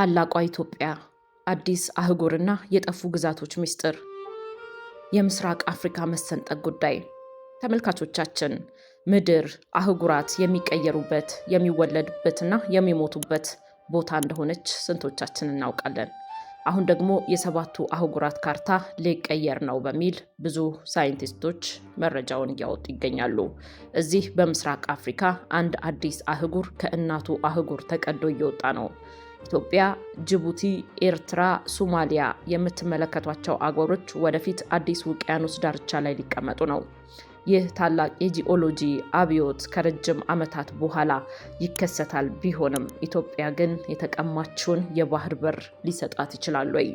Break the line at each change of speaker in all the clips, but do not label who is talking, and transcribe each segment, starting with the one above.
ታላቋ ኢትዮጵያ አዲስ አህጉርና የጠፉ ግዛቶች ምስጢር የምስራቅ አፍሪካ መሰንጠቅ ጉዳይ። ተመልካቾቻችን ምድር አህጉራት የሚቀየሩበት የሚወለዱበትና የሚሞቱበት ቦታ እንደሆነች ስንቶቻችን እናውቃለን? አሁን ደግሞ የሰባቱ አህጉራት ካርታ ሊቀየር ነው በሚል ብዙ ሳይንቲስቶች መረጃውን እያወጡ ይገኛሉ። እዚህ በምስራቅ አፍሪካ አንድ አዲስ አህጉር ከእናቱ አህጉር ተቀዶ እየወጣ ነው። ኢትዮጵያ፣ ጅቡቲ፣ ኤርትራ፣ ሶማሊያ የምትመለከቷቸው አገሮች ወደፊት አዲስ ውቅያኖስ ዳርቻ ላይ ሊቀመጡ ነው። ይህ ታላቅ የጂኦሎጂ አብዮት ከረጅም ዓመታት በኋላ ይከሰታል። ቢሆንም ኢትዮጵያ ግን የተቀማችውን የባህር በር ሊሰጣት ይችላል ወይ?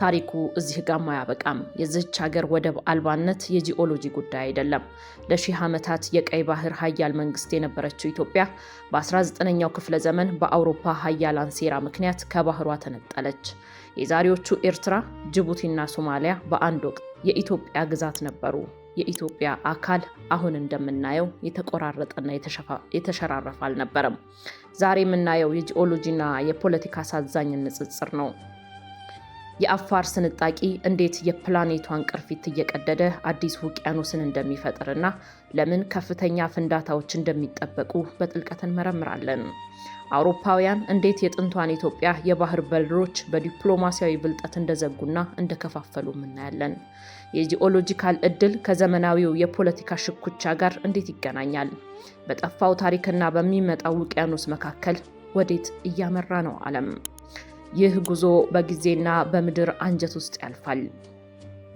ታሪኩ እዚህ ጋም አያበቃም። የዚህች ሀገር ወደብ አልባነት የጂኦሎጂ ጉዳይ አይደለም። ለሺህ ዓመታት የቀይ ባህር ሀያል መንግስት የነበረችው ኢትዮጵያ በ19ኛው ክፍለ ዘመን በአውሮፓ ሀያላን ሴራ ምክንያት ከባህሯ ተነጠለች። የዛሬዎቹ ኤርትራ፣ ጅቡቲና ሶማሊያ በአንድ ወቅት የኢትዮጵያ ግዛት ነበሩ። የኢትዮጵያ አካል አሁን እንደምናየው የተቆራረጠና የተሸራረፈ አልነበረም። ዛሬ የምናየው የጂኦሎጂና የፖለቲካ አሳዛኝ ንጽጽር ነው። የአፋር ስንጣቂ እንዴት የፕላኔቷን ቅርፊት እየቀደደ አዲስ ውቅያኖስን እንደሚፈጥርና ለምን ከፍተኛ ፍንዳታዎች እንደሚጠበቁ በጥልቀት እንመረምራለን። አውሮፓውያን እንዴት የጥንቷን ኢትዮጵያ የባህር በሮች በዲፕሎማሲያዊ ብልጠት እንደዘጉና እንደከፋፈሉ እናያለን። የጂኦሎጂካል ዕድል ከዘመናዊው የፖለቲካ ሽኩቻ ጋር እንዴት ይገናኛል? በጠፋው ታሪክና በሚመጣው ውቅያኖስ መካከል ወዴት እያመራ ነው ዓለም? ይህ ጉዞ በጊዜና በምድር አንጀት ውስጥ ያልፋል።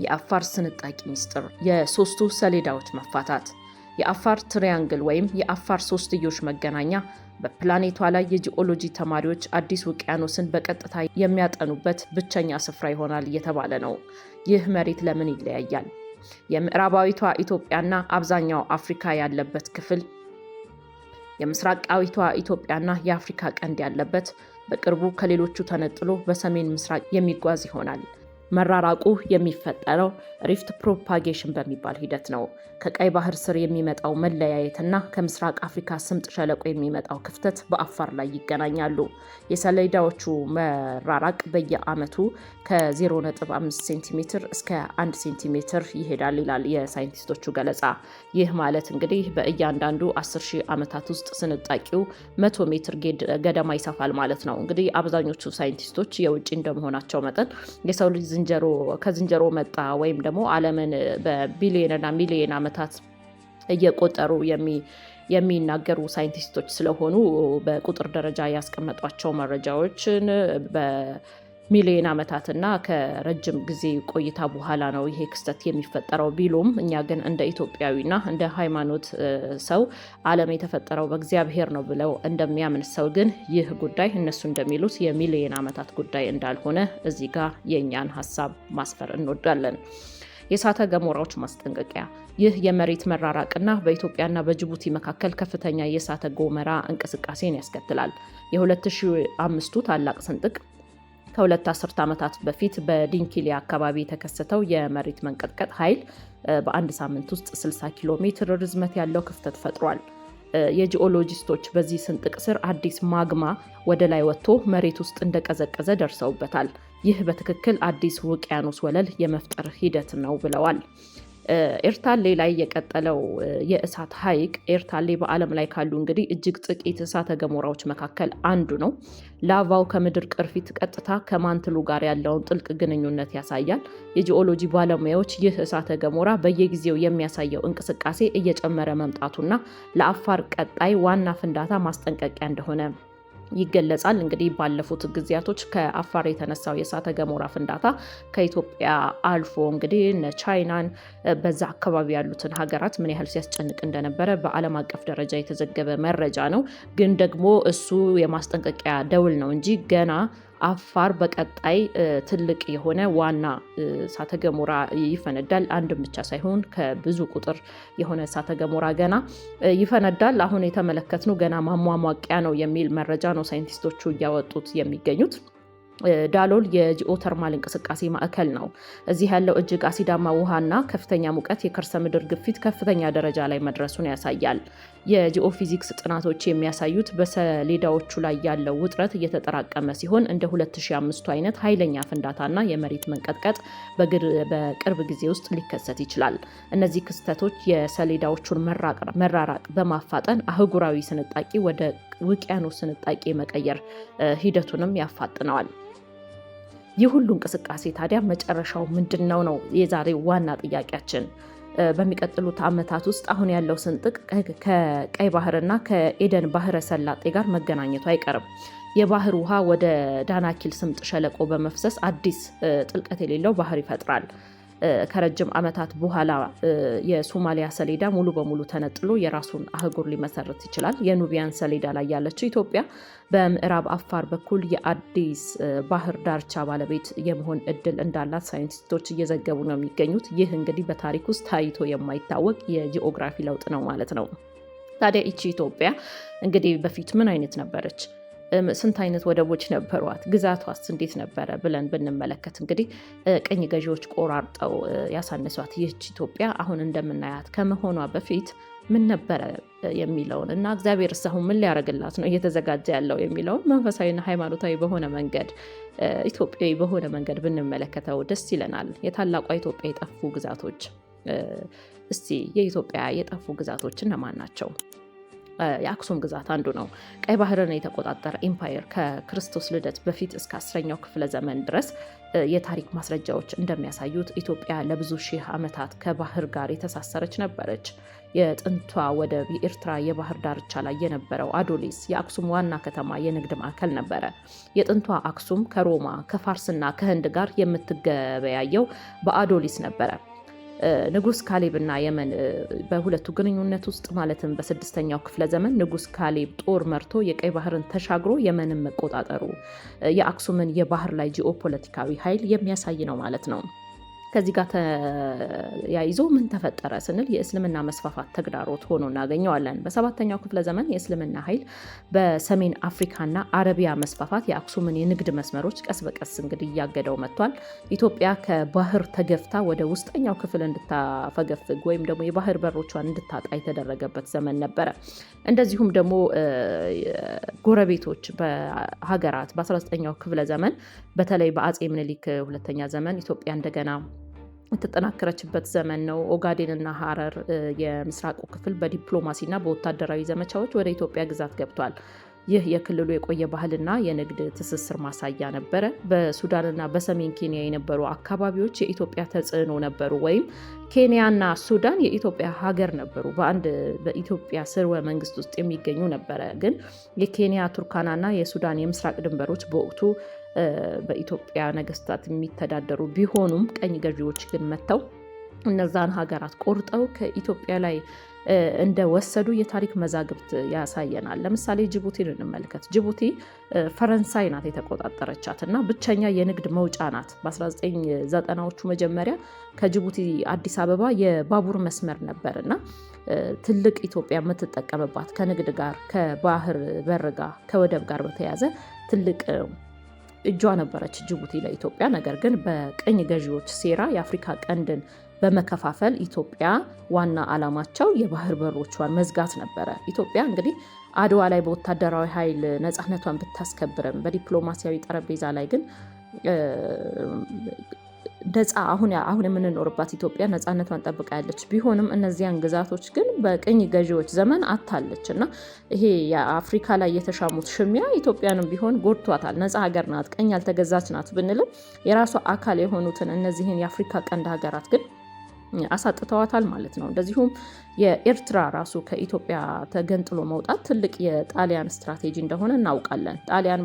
የአፋር ስንጣቂ ምስጢር፣ የሶስቱ ሰሌዳዎች መፋታት። የአፋር ትሪያንግል ወይም የአፋር ሶስትዮሽ መገናኛ በፕላኔቷ ላይ የጂኦሎጂ ተማሪዎች አዲስ ውቅያኖስን በቀጥታ የሚያጠኑበት ብቸኛ ስፍራ ይሆናል እየተባለ ነው። ይህ መሬት ለምን ይለያያል? የምዕራባዊቷ ኢትዮጵያና አብዛኛው አፍሪካ ያለበት ክፍል፣ የምስራቃዊቷ ኢትዮጵያና የአፍሪካ ቀንድ ያለበት በቅርቡ ከሌሎቹ ተነጥሎ በሰሜን ምስራቅ የሚጓዝ ይሆናል። መራራቁ የሚፈጠረው ሪፍት ፕሮፓጌሽን በሚባል ሂደት ነው። ከቀይ ባህር ስር የሚመጣው መለያየትና ከምስራቅ አፍሪካ ስምጥ ሸለቆ የሚመጣው ክፍተት በአፋር ላይ ይገናኛሉ። የሰሌዳዎቹ መራራቅ በየዓመቱ ከ0.5 ሴንቲሜትር እስከ 1 ሴንቲሜትር ይሄዳል ይላል የሳይንቲስቶቹ ገለጻ። ይህ ማለት እንግዲህ በእያንዳንዱ 10 ሺህ ዓመታት ውስጥ ስንጣቂው 100 ሜትር ገደማ ይሰፋል ማለት ነው። እንግዲህ አብዛኞቹ ሳይንቲስቶች የውጭ እንደመሆናቸው መጠን የሰው ልጅ ከዝንጀሮ መጣ ወይም ደግሞ ዓለምን በቢሊዮንና ሚሊዮን ዓመታት እየቆጠሩ የሚናገሩ ሳይንቲስቶች ስለሆኑ በቁጥር ደረጃ ያስቀመጧቸው መረጃዎችን ሚሊዮን ዓመታትና ከረጅም ጊዜ ቆይታ በኋላ ነው ይሄ ክስተት የሚፈጠረው ቢሉም እኛ ግን እንደ ኢትዮጵያዊና እንደ ሃይማኖት ሰው ዓለም የተፈጠረው በእግዚአብሔር ነው ብለው እንደሚያምን ሰው ግን ይህ ጉዳይ እነሱ እንደሚሉት የሚሊዮን ዓመታት ጉዳይ እንዳልሆነ እዚህ ጋር የእኛን ሀሳብ ማስፈር እንወዳለን። የእሳተ ገሞራዎች ማስጠንቀቂያ። ይህ የመሬት መራራቅና በኢትዮጵያና በጅቡቲ መካከል ከፍተኛ የእሳተ ገሞራ እንቅስቃሴን ያስከትላል። የ2005ቱ ታላቅ ስንጥቅ ከሁለት አስርት ዓመታት በፊት በዲንኪሌ አካባቢ የተከሰተው የመሬት መንቀጥቀጥ ኃይል በአንድ ሳምንት ውስጥ 60 ኪሎ ሜትር ርዝመት ያለው ክፍተት ፈጥሯል። የጂኦሎጂስቶች በዚህ ስንጥቅ ስር አዲስ ማግማ ወደ ላይ ወጥቶ መሬት ውስጥ እንደቀዘቀዘ ደርሰውበታል። ይህ በትክክል አዲስ ውቅያኖስ ወለል የመፍጠር ሂደት ነው ብለዋል። ኤርታሌ ላይ የቀጠለው የእሳት ሀይቅ ኤርታሌ በዓለም ላይ ካሉ እንግዲህ እጅግ ጥቂት እሳተ ገሞራዎች መካከል አንዱ ነው። ላቫው ከምድር ቅርፊት ቀጥታ ከማንትሉ ጋር ያለውን ጥልቅ ግንኙነት ያሳያል። የጂኦሎጂ ባለሙያዎች ይህ እሳተ ገሞራ በየጊዜው የሚያሳየው እንቅስቃሴ እየጨመረ መምጣቱና ለአፋር ቀጣይ ዋና ፍንዳታ ማስጠንቀቂያ እንደሆነ ይገለጻል። እንግዲህ ባለፉት ጊዜያቶች ከአፋር የተነሳው የእሳተ ገሞራ ፍንዳታ ከኢትዮጵያ አልፎ እንግዲህ እነ ቻይናን በዛ አካባቢ ያሉትን ሀገራት ምን ያህል ሲያስጨንቅ እንደነበረ በዓለም አቀፍ ደረጃ የተዘገበ መረጃ ነው። ግን ደግሞ እሱ የማስጠንቀቂያ ደውል ነው እንጂ ገና አፋር በቀጣይ ትልቅ የሆነ ዋና እሳተ ገሞራ ይፈነዳል። አንድም ብቻ ሳይሆን ከብዙ ቁጥር የሆነ እሳተ ገሞራ ገና ይፈነዳል። አሁን የተመለከትነው ገና ማሟሟቂያ ነው የሚል መረጃ ነው ሳይንቲስቶቹ እያወጡት የሚገኙት። ዳሎል የጂኦተርማል እንቅስቃሴ ማዕከል ነው። እዚህ ያለው እጅግ አሲዳማ ውሃና ከፍተኛ ሙቀት የከርሰ ምድር ግፊት ከፍተኛ ደረጃ ላይ መድረሱን ያሳያል። የጂኦፊዚክስ ጥናቶች የሚያሳዩት በሰሌዳዎቹ ላይ ያለው ውጥረት እየተጠራቀመ ሲሆን እንደ 2005ቱ አይነት ኃይለኛ ፍንዳታና የመሬት መንቀጥቀጥ በቅርብ ጊዜ ውስጥ ሊከሰት ይችላል። እነዚህ ክስተቶች የሰሌዳዎቹን መራራቅ በማፋጠን አህጉራዊ ስንጣቂ ወደ ውቅያኖስ ስንጣቂ መቀየር ሂደቱንም ያፋጥነዋል። ይህ ሁሉ እንቅስቃሴ ታዲያ መጨረሻው ምንድን ነው? ነው የዛሬው ዋና ጥያቄያችን። በሚቀጥሉት ዓመታት ውስጥ አሁን ያለው ስንጥቅ ከቀይ ባህርና ከኤደን ባህረ ሰላጤ ጋር መገናኘቱ አይቀርም። የባህር ውሃ ወደ ዳናኪል ስምጥ ሸለቆ በመፍሰስ አዲስ ጥልቀት የሌለው ባህር ይፈጥራል። ከረጅም ዓመታት በኋላ የሶማሊያ ሰሌዳ ሙሉ በሙሉ ተነጥሎ የራሱን አህጉር ሊመሰርት ይችላል። የኑቢያን ሰሌዳ ላይ ያለችው ኢትዮጵያ በምዕራብ አፋር በኩል የአዲስ ባህር ዳርቻ ባለቤት የመሆን እድል እንዳላት ሳይንቲስቶች እየዘገቡ ነው የሚገኙት። ይህ እንግዲህ በታሪክ ውስጥ ታይቶ የማይታወቅ የጂኦግራፊ ለውጥ ነው ማለት ነው። ታዲያ ይቺ ኢትዮጵያ እንግዲህ በፊት ምን አይነት ነበረች? ስንት አይነት ወደቦች ነበሯት፣ ግዛቷስ እንዴት ነበረ ብለን ብንመለከት እንግዲህ ቅኝ ገዢዎች ቆራርጠው ያሳነሷት ይህች ኢትዮጵያ አሁን እንደምናያት ከመሆኗ በፊት ምን ነበረ የሚለውን እና እግዚአብሔር እስካሁን ምን ሊያደርግላት ነው እየተዘጋጀ ያለው የሚለውን መንፈሳዊና ሃይማኖታዊ በሆነ መንገድ ኢትዮጵያዊ በሆነ መንገድ ብንመለከተው ደስ ይለናል። የታላቋ ኢትዮጵያ የጠፉ ግዛቶች እስቲ የኢትዮጵያ የጠፉ ግዛቶች እነማን ናቸው? የአክሱም ግዛት አንዱ ነው። ቀይ ባህርን የተቆጣጠረ ኢምፓየር ከክርስቶስ ልደት በፊት እስከ አስረኛው ክፍለ ዘመን ድረስ የታሪክ ማስረጃዎች እንደሚያሳዩት ኢትዮጵያ ለብዙ ሺህ ዓመታት ከባህር ጋር የተሳሰረች ነበረች። የጥንቷ ወደብ የኤርትራ የባህር ዳርቻ ላይ የነበረው አዶሊስ የአክሱም ዋና ከተማ የንግድ ማዕከል ነበረ። የጥንቷ አክሱም ከሮማ ከፋርስና ከህንድ ጋር የምትገበያየው በአዶሊስ ነበረ። ንጉስ ካሌብ እና የመን በሁለቱ ግንኙነት ውስጥ ማለትም በስድስተኛው ክፍለ ዘመን ንጉስ ካሌብ ጦር መርቶ የቀይ ባህርን ተሻግሮ የመንን መቆጣጠሩ የአክሱምን የባህር ላይ ጂኦፖለቲካዊ ኃይል የሚያሳይ ነው ማለት ነው። ከዚህ ጋር ተያይዞ ምን ተፈጠረ ስንል የእስልምና መስፋፋት ተግዳሮት ሆኖ እናገኘዋለን። በሰባተኛው ክፍለ ዘመን የእስልምና ኃይል በሰሜን አፍሪካና አረቢያ መስፋፋት የአክሱምን የንግድ መስመሮች ቀስ በቀስ እንግዲህ እያገደው መጥቷል። ኢትዮጵያ ከባህር ተገፍታ ወደ ውስጠኛው ክፍል እንድታፈገፍግ ወይም ደግሞ የባህር በሮቿን እንድታጣ የተደረገበት ዘመን ነበረ። እንደዚሁም ደግሞ ጎረቤቶች በሀገራት በ19ኛው ክፍለ ዘመን በተለይ በአጼ ምኒልክ ሁለተኛ ዘመን ኢትዮጵያ እንደገና የተጠናከረችበት ዘመን ነው። ኦጋዴንና ሀረር የምስራቁ ክፍል በዲፕሎማሲና በወታደራዊ ዘመቻዎች ወደ ኢትዮጵያ ግዛት ገብቷል። ይህ የክልሉ የቆየ ባህልና የንግድ ትስስር ማሳያ ነበረ። በሱዳንና በሰሜን ኬንያ የነበሩ አካባቢዎች የኢትዮጵያ ተጽዕኖ ነበሩ፣ ወይም ኬንያና ሱዳን የኢትዮጵያ ሀገር ነበሩ። በአንድ በኢትዮጵያ ስርወ መንግስት ውስጥ የሚገኙ ነበረ። ግን የኬንያ ቱርካናና የሱዳን የምስራቅ ድንበሮች በወቅቱ በኢትዮጵያ ነገስታት የሚተዳደሩ ቢሆኑም ቀኝ ገዢዎች ግን መጥተው እነዛን ሀገራት ቆርጠው ከኢትዮጵያ ላይ እንደወሰዱ የታሪክ መዛግብት ያሳየናል። ለምሳሌ ጅቡቲን እንመልከት። ጅቡቲ ፈረንሳይ ናት የተቆጣጠረቻት እና ብቸኛ የንግድ መውጫ ናት። በ1990ዎቹ መጀመሪያ ከጅቡቲ አዲስ አበባ የባቡር መስመር ነበር እና ትልቅ ኢትዮጵያ የምትጠቀምባት ከንግድ ጋር ከባህር በር ጋር ከወደብ ጋር በተያያዘ ትልቅ እጇ ነበረች ጅቡቲ ለኢትዮጵያ። ነገር ግን በቅኝ ገዢዎች ሴራ የአፍሪካ ቀንድን በመከፋፈል ኢትዮጵያ ዋና ዓላማቸው የባህር በሮቿን መዝጋት ነበረ። ኢትዮጵያ እንግዲህ አድዋ ላይ በወታደራዊ ኃይል ነፃነቷን ብታስከብርም በዲፕሎማሲያዊ ጠረጴዛ ላይ ግን ነፃ አሁን አሁን የምንኖርባት ኢትዮጵያ ነፃነቷን ጠብቃ ያለች ቢሆንም እነዚያን ግዛቶች ግን በቅኝ ገዢዎች ዘመን አታለች እና ይሄ የአፍሪካ ላይ የተሻሙት ሽሚያ ኢትዮጵያንም ቢሆን ጎድቷታል። ነፃ ሀገር ናት፣ ቅኝ ያልተገዛች ናት ብንልም የራሷ አካል የሆኑትን እነዚህን የአፍሪካ ቀንድ ሀገራት ግን አሳጥተዋታል ማለት ነው። እንደዚሁም የኤርትራ ራሱ ከኢትዮጵያ ተገንጥሎ መውጣት ትልቅ የጣሊያን ስትራቴጂ እንደሆነ እናውቃለን። ጣሊያን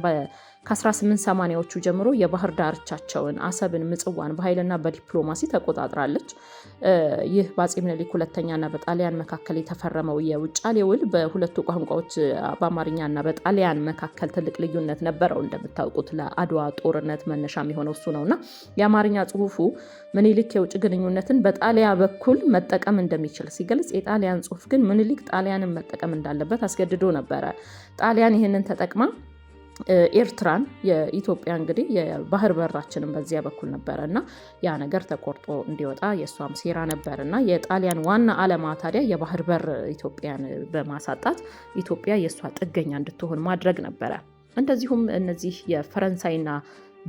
ከ1880ዎቹ ጀምሮ የባህር ዳርቻቸውን አሰብን፣ ምጽዋን በኃይልና በዲፕሎማሲ ተቆጣጥራለች። ይህ በአፄ ምኒልክ ሁለተኛና በጣሊያን መካከል የተፈረመው የውጫሌ ውል በሁለቱ ቋንቋዎች በአማርኛና በጣሊያን መካከል ትልቅ ልዩነት ነበረው። እንደምታውቁት ለአድዋ ጦርነት መነሻ የሆነው እሱ ነውና የአማርኛ ጽሁፉ ምኒልክ የውጭ ግንኙነትን በጣሊያ በኩል መጠቀም እንደሚችል ሲገልጽ የጣሊያን ጽሁፍ ግን ምኒልክ ጣሊያንን መጠቀም እንዳለበት አስገድዶ ነበረ። ጣሊያን ይህንን ተጠቅማ ኤርትራን የኢትዮጵያ እንግዲህ የባህር በራችንን በዚያ በኩል ነበረ እና ያ ነገር ተቆርጦ እንዲወጣ የእሷም ሴራ ነበር እና የጣሊያን ዋና ዓላማ ታዲያ የባህር በር ኢትዮጵያን በማሳጣት ኢትዮጵያ የእሷ ጥገኛ እንድትሆን ማድረግ ነበረ። እንደዚሁም እነዚህ የፈረንሳይና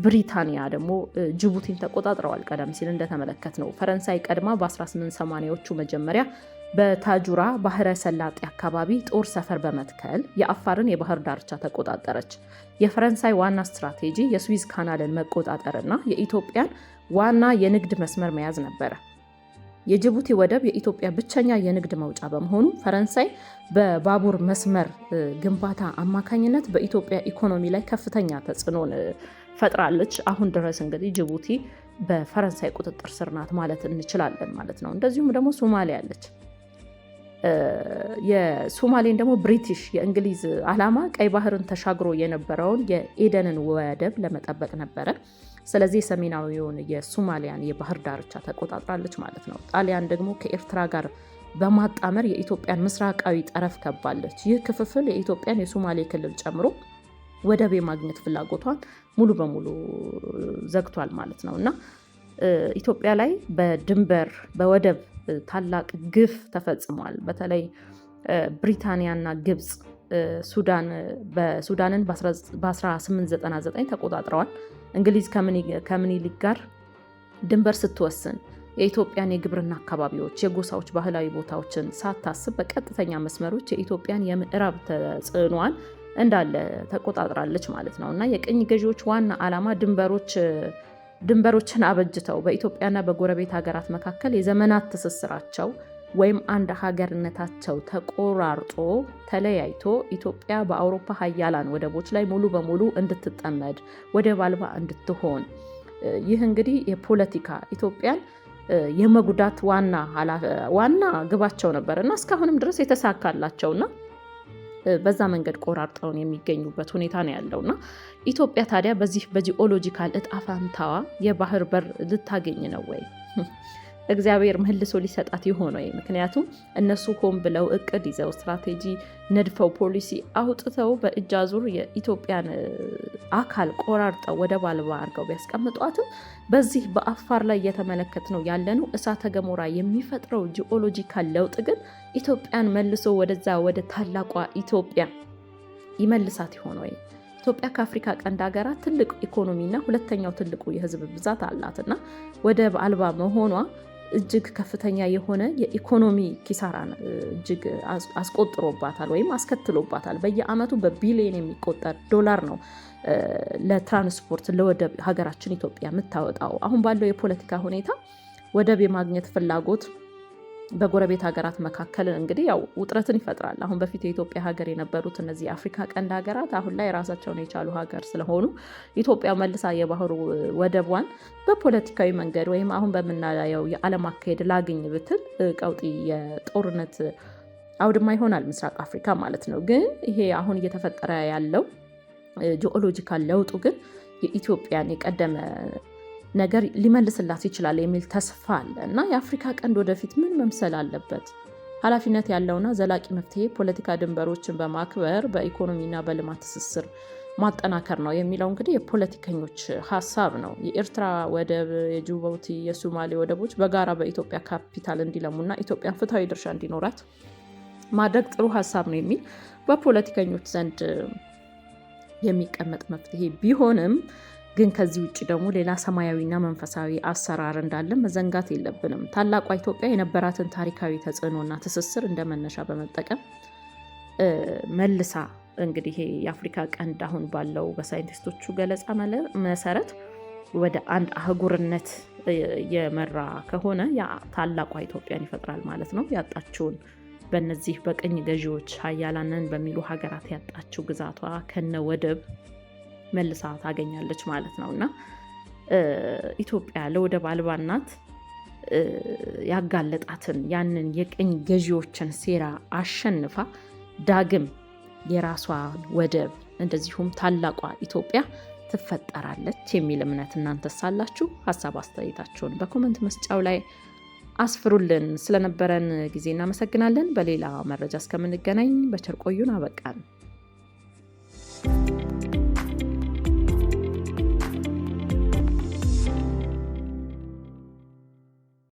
ብሪታንያ ደግሞ ጅቡቲን ተቆጣጥረዋል። ቀደም ሲል እንደተመለከት ነው ፈረንሳይ ቀድማ በ1880ዎቹ መጀመሪያ በታጁራ ባህረ ሰላጤ አካባቢ ጦር ሰፈር በመትከል የአፋርን የባህር ዳርቻ ተቆጣጠረች። የፈረንሳይ ዋና ስትራቴጂ የስዊዝ ካናልን መቆጣጠርና የኢትዮጵያን ዋና የንግድ መስመር መያዝ ነበረ። የጅቡቲ ወደብ የኢትዮጵያ ብቸኛ የንግድ መውጫ በመሆኑ ፈረንሳይ በባቡር መስመር ግንባታ አማካኝነት በኢትዮጵያ ኢኮኖሚ ላይ ከፍተኛ ተጽዕኖን ፈጥራለች። አሁን ድረስ እንግዲህ ጅቡቲ በፈረንሳይ ቁጥጥር ስር ናት ማለት እንችላለን ማለት ነው። እንደዚሁም ደግሞ ሶማሊያ አለች። የሶማሌን ደግሞ ብሪቲሽ የእንግሊዝ ዓላማ ቀይ ባህርን ተሻግሮ የነበረውን የኤደንን ወደብ ለመጠበቅ ነበረ። ስለዚህ ሰሜናዊውን የሶማሊያን የባህር ዳርቻ ተቆጣጥራለች ማለት ነው። ጣሊያን ደግሞ ከኤርትራ ጋር በማጣመር የኢትዮጵያን ምስራቃዊ ጠረፍ ከባለች። ይህ ክፍፍል የኢትዮጵያን የሶማሌ ክልል ጨምሮ ወደብ የማግኘት ፍላጎቷን ሙሉ በሙሉ ዘግቷል ማለት ነው እና ኢትዮጵያ ላይ በድንበር በወደብ ታላቅ ግፍ ተፈጽሟል። በተለይ ብሪታንያና ግብፅ በሱዳንን በ1899 ተቆጣጥረዋል። እንግሊዝ ከምኒልክ ጋር ድንበር ስትወስን የኢትዮጵያን የግብርና አካባቢዎች፣ የጎሳዎች ባህላዊ ቦታዎችን ሳታስብ በቀጥተኛ መስመሮች የኢትዮጵያን የምዕራብ ተጽዕኖዋን እንዳለ ተቆጣጥራለች ማለት ነው እና የቅኝ ገዢዎች ዋና ዓላማ ድንበሮች ድንበሮችን አበጅተው በኢትዮጵያና በጎረቤት ሀገራት መካከል የዘመናት ትስስራቸው ወይም አንድ ሀገርነታቸው ተቆራርጦ ተለያይቶ ኢትዮጵያ በአውሮፓ ሀያላን ወደቦች ላይ ሙሉ በሙሉ እንድትጠመድ ወደብ አልባ እንድትሆን ይህ እንግዲህ የፖለቲካ ኢትዮጵያን የመጉዳት ዋና ዋና ግባቸው ነበር እና እስካሁንም ድረስ የተሳካላቸውና በዛ መንገድ ቆራርጠውን የሚገኙበት ሁኔታ ነው እና ኢትዮጵያ ታዲያ በዚህ በጂኦሎጂካል እጣ የባህር በር ልታገኝ ነው ወይ? እግዚአብሔር መልሶ ሊሰጣት ይሆን ወይ? ምክንያቱም እነሱ ሆን ብለው እቅድ ይዘው ስትራቴጂ ነድፈው ፖሊሲ አውጥተው በእጅ አዙር የኢትዮጵያን አካል ቆራርጠው ወደ ባልባ አድርገው ቢያስቀምጧትም በዚህ በአፋር ላይ እየተመለከት ነው ያለነው እሳተ ገሞራ የሚፈጥረው ጂኦሎጂካል ለውጥ ግን ኢትዮጵያን መልሶ ወደዛ ወደ ታላቋ ኢትዮጵያ ይመልሳት ይሆን ወይ? ኢትዮጵያ ከአፍሪካ ቀንድ ሀገራት ትልቅ ኢኮኖሚና ሁለተኛው ትልቁ የህዝብ ብዛት አላትና ወደብ አልባ መሆኗ እጅግ ከፍተኛ የሆነ የኢኮኖሚ ኪሳራን እጅግ አስቆጥሮባታል ወይም አስከትሎባታል። በየአመቱ በቢሊዮን የሚቆጠር ዶላር ነው ለትራንስፖርት ለወደብ ሀገራችን ኢትዮጵያ የምታወጣው። አሁን ባለው የፖለቲካ ሁኔታ ወደብ የማግኘት ፍላጎት በጎረቤት ሀገራት መካከል እንግዲህ ያው ውጥረትን ይፈጥራል። አሁን በፊት የኢትዮጵያ ሀገር የነበሩት እነዚህ የአፍሪካ ቀንድ ሀገራት አሁን ላይ ራሳቸውን የቻሉ ሀገር ስለሆኑ ኢትዮጵያ መልሳ የባህሩ ወደቧን በፖለቲካዊ መንገድ ወይም አሁን በምናየው የዓለም አካሄድ ላግኝ ብትል ቀውጢ የጦርነት አውድማ ይሆናል ምስራቅ አፍሪካ ማለት ነው። ግን ይሄ አሁን እየተፈጠረ ያለው ጂኦሎጂካል ለውጡ ግን የኢትዮጵያን የቀደመ ነገር ሊመልስላት ይችላል የሚል ተስፋ አለ እና የአፍሪካ ቀንድ ወደፊት ምን መምሰል አለበት? ኃላፊነት ያለውና ዘላቂ መፍትሄ ፖለቲካ ድንበሮችን በማክበር በኢኮኖሚና በልማት ትስስር ማጠናከር ነው የሚለው እንግዲህ የፖለቲከኞች ሀሳብ ነው። የኤርትራ ወደብ፣ የጅቡቲ፣ የሱማሌ ወደቦች በጋራ በኢትዮጵያ ካፒታል እንዲለሙና ኢትዮጵያን ፍትሐዊ ድርሻ እንዲኖራት ማድረግ ጥሩ ሀሳብ ነው የሚል በፖለቲከኞች ዘንድ የሚቀመጥ መፍትሄ ቢሆንም ግን ከዚህ ውጭ ደግሞ ሌላ ሰማያዊና መንፈሳዊ አሰራር እንዳለ መዘንጋት የለብንም። ታላቋ ኢትዮጵያ የነበራትን ታሪካዊ ተጽዕኖና ትስስር እንደ መነሻ በመጠቀም መልሳ እንግዲህ የአፍሪካ ቀንድ አሁን ባለው በሳይንቲስቶቹ ገለጻ መሰረት ወደ አንድ አህጉርነት የመራ ከሆነ ታላቋ ኢትዮጵያን ይፈጥራል ማለት ነው። ያጣችውን በነዚህ በቅኝ ገዢዎች ሀያላንን በሚሉ ሀገራት ያጣችው ግዛቷ ከነ ወደብ መልሳ ታገኛለች ማለት ነው እና ኢትዮጵያ ለወደብ አልባናት ያጋለጣትን ያንን የቅኝ ገዢዎችን ሴራ አሸንፋ ዳግም የራሷ ወደብ እንደዚሁም ታላቋ ኢትዮጵያ ትፈጠራለች የሚል እምነት እናንተስ ሳላችሁ ሀሳብ አስተያየታችሁን በኮመንት መስጫው ላይ አስፍሩልን። ስለነበረን ጊዜ እናመሰግናለን። በሌላ መረጃ እስከምንገናኝ በቸር ቆዩን። አበቃን።